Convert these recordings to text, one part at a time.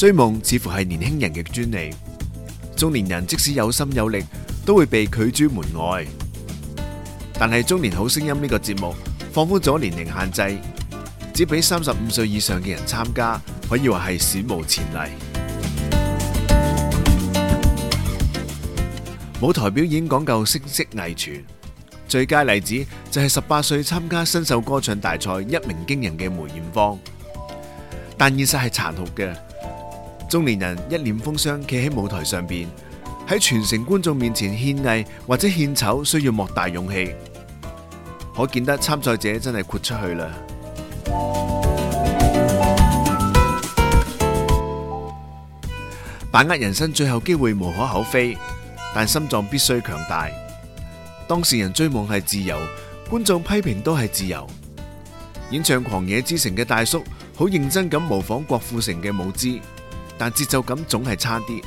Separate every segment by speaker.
Speaker 1: 追夢似乎係年輕人嘅專利，中年人即使有心有力，都會被拒諸門外。但係《中年好聲音》呢個節目放寬咗年齡限制，只俾三十五歲以上嘅人參加，可以話係史無前例。舞台表演講究聲色藝全，最佳例子就係十八歲參加新秀歌唱大賽一鳴驚人嘅梅艷芳。但現實係殘酷嘅。中年人一臉風霜，企喺舞台上邊，喺全城觀眾面前獻藝或者獻醜，需要莫大勇氣。可見得參賽者真係豁出去啦！把握人生最後機會無可厚非，但心臟必須強大。當事人追夢係自由，觀眾批評都係自由。演唱《狂野之城》嘅大叔好認真咁模仿郭富城嘅舞姿。但節奏感總係差啲。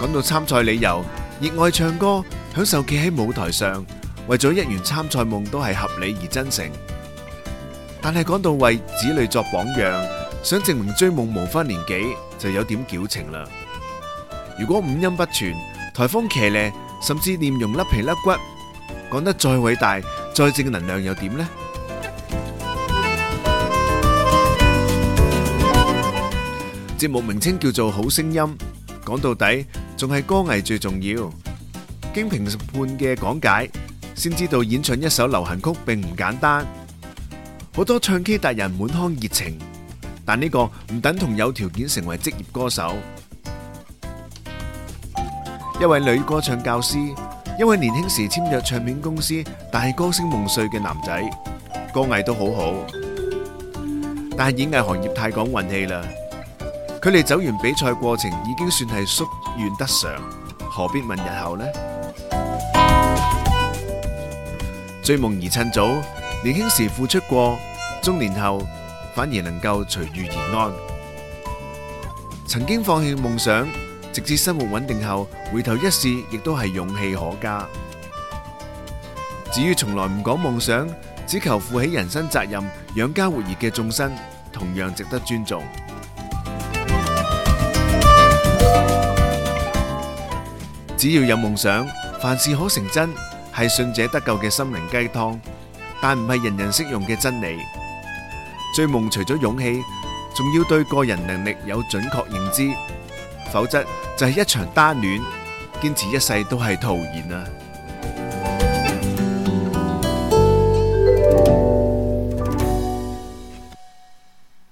Speaker 1: 講到參賽理由，熱愛唱歌，享受企喺舞台上，為咗一圓參賽夢都係合理而真誠。但係講到為子女作榜樣，想證明追夢無分年紀，就有點矯情啦。如果五音不全，台風騎呢，甚至臉容甩皮甩骨，講得再偉大，再正能量又點呢？節目名稱叫做好聲音，講到底仲係歌藝最重要。經評判嘅講解，先知道演唱一首流行曲並唔簡單。好多唱 K 達人滿腔熱情，但呢個唔等同有條件成為職業歌手。一位女歌唱教師，一位年輕時簽約唱片公司，但歌星夢碎嘅男仔，歌藝都好好，但係演藝行業太講運氣啦。佢哋走完比賽過程已經算係夙願得償，何必問日後呢？追夢宜趁早，年輕時付出過，中年後反而能夠隨遇而安。曾經放棄夢想，直至生活穩定後回頭一試，亦都係勇氣可嘉。至於從來唔講夢想，只求負起人生責任、養家活兒嘅眾生，同樣值得尊重。只要有夢想，凡事可成真，係信者得救嘅心靈雞湯，但唔係人人適用嘅真理。追夢除咗勇氣，仲要對個人能力有準確認知，否則就係一場單戀，堅持一世都係徒然啊。